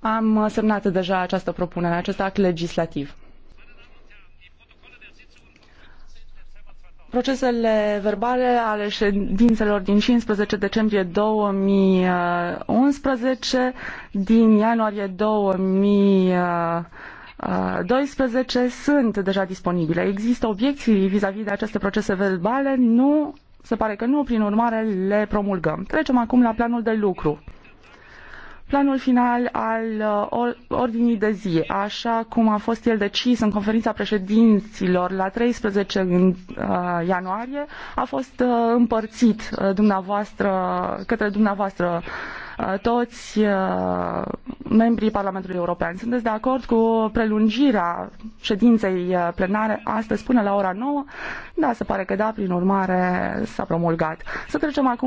Am semnat deja această propunere, acest act legislativ. Procesele verbale ale ședințelor din 15 decembrie 2011, din ianuarie 2012 sunt deja disponibile. Există obiecții vis-a-vis -vis de aceste procese verbale? Nu se pare că nu, prin urmare le promulgăm. Trecem acum la planul de lucru. Planul final al uh, ordinii de zi, așa cum a fost el decis în conferința președinților la 13 în, uh, ianuarie, a fost uh, împărțit dumneavoastră, către dumneavoastră Uh, toți uh, membrii Parlamentului European. Sunteți de acord cu prelungirea ședinței uh, plenare astăzi până la ora 9? Da, se pare că da, prin urmare s-a promulgat. Să trecem acum